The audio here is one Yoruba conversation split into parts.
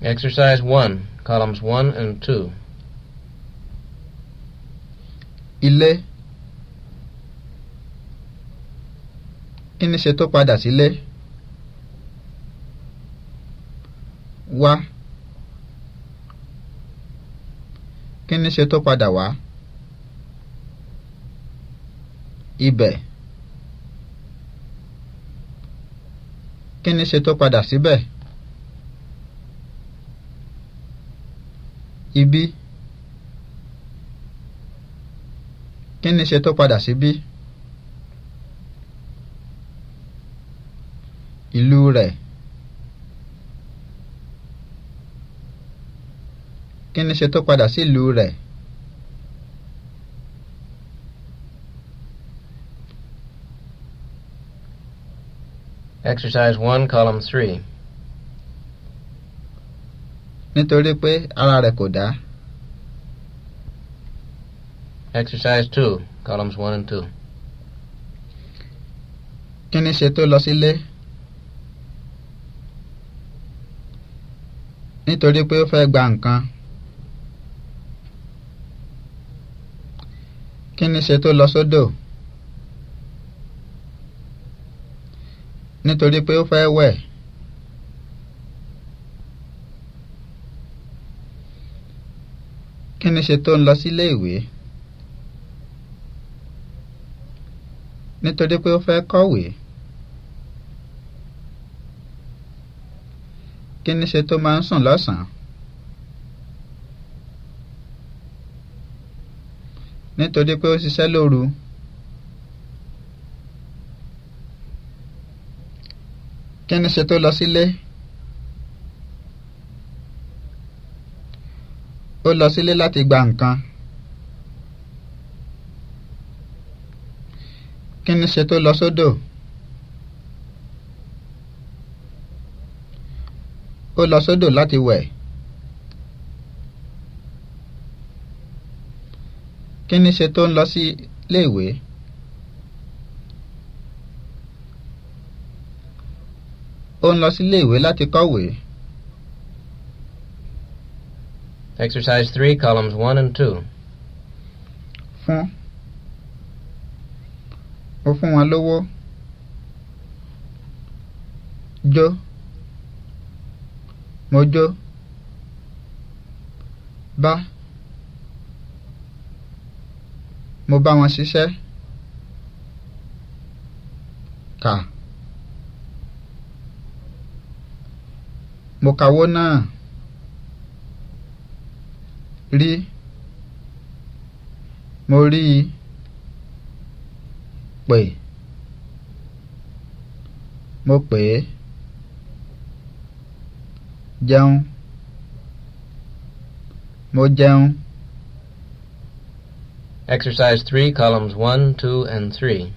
Exercise 1, columns 1 and 2. Ilé. Kí ni ṣe tó padà sílé? Wá. Kí ni ṣe tó padà wá? Ibẹ̀. Kí ni ṣe tó padà síbẹ̀? Si ibí kí ni ṣe tó padà síbí ìlú rẹ̀ kí ni ṣe tó padà sí ìlú rẹ̀ Exercise one, column three nítorí pé ara rẹ̀ kò dá. exercise two columns one and two. kí ni ṣe tó lọ sílé? nítorí pé ó fẹ́ gba nǹkan. kí ni ṣe tó lọ sódò? nítorí pé ó fẹ́ wẹ̀. kí ni ṣe tó ń lọ sílé ìwé nítorí pé ó fẹ́ kọ̀wé kí ni ṣe tó máa ń sùn lọ́sàn-án nítorí pé ó ṣiṣẹ́ lóru kí ṣe tó lọ sílé. Si ó lọ sílé láti gba nǹkan. kí ni ṣe tó lọ sódò? ó lọ sódò láti wẹ̀. kí ni ṣe tó ń lọ sí iléèwé? ó ń lọ sí iléèwé láti kọ́wèé. Exercise 3, columns 1 and 2. Fún. o fún wọn lówó. Jó. Mo jó. ba, Mo ba wọn ṣiṣẹ́. Kà. Mo kàwó náà. Li, mo rí i pè mo pè é jẹun mo jẹun. Exercise 3, columns 1, 2, and 3.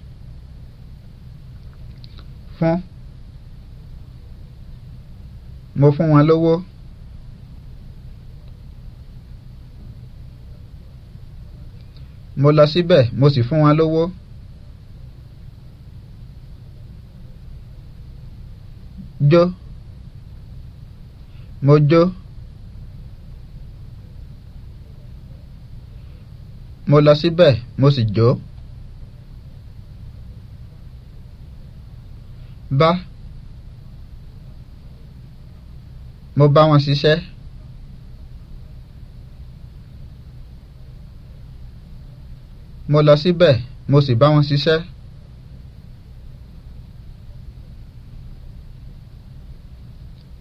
Fún. Mo fún wọn lówó. mo lọ síbẹ̀ mo sì fún wọn lówó. jó mo jó mo lọ síbẹ̀ mo sì jó. bá mo bá wọn ṣiṣẹ́. mo lọ síbẹ̀ mo sì bá wọn ṣiṣẹ́.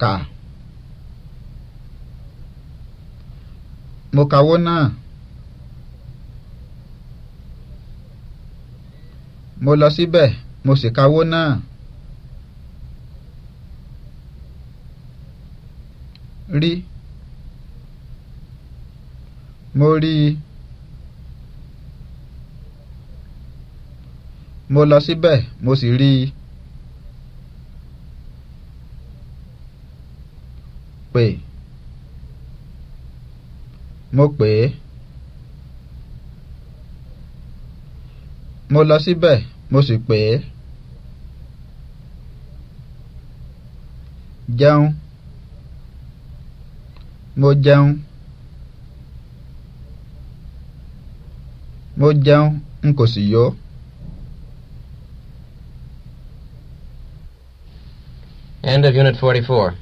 kà mo kàwó náà mo lọ síbẹ̀ mo sì kàwó náà. rí mo rí i. mo lọ síbẹ̀ mo sì rí i. pè mo pè mo lọ síbẹ̀ mo sì pè jẹun mo jẹun mo jẹun n kò sì yó. End of Unit 44.